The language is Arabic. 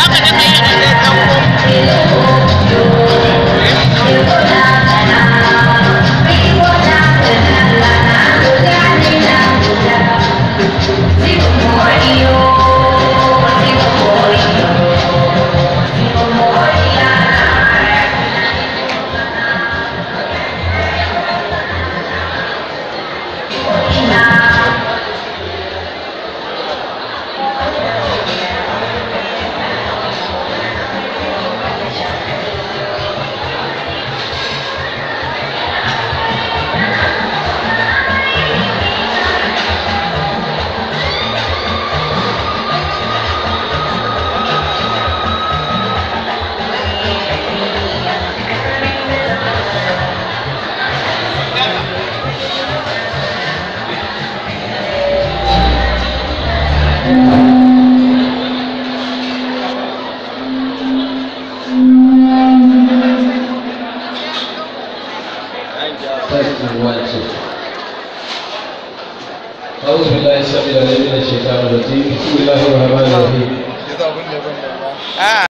haka ta kai a ɗan ɗan تزوج أعوذ بالله السميع العليم من الشيطان الرجيم بسم الله الرحمن الرحيم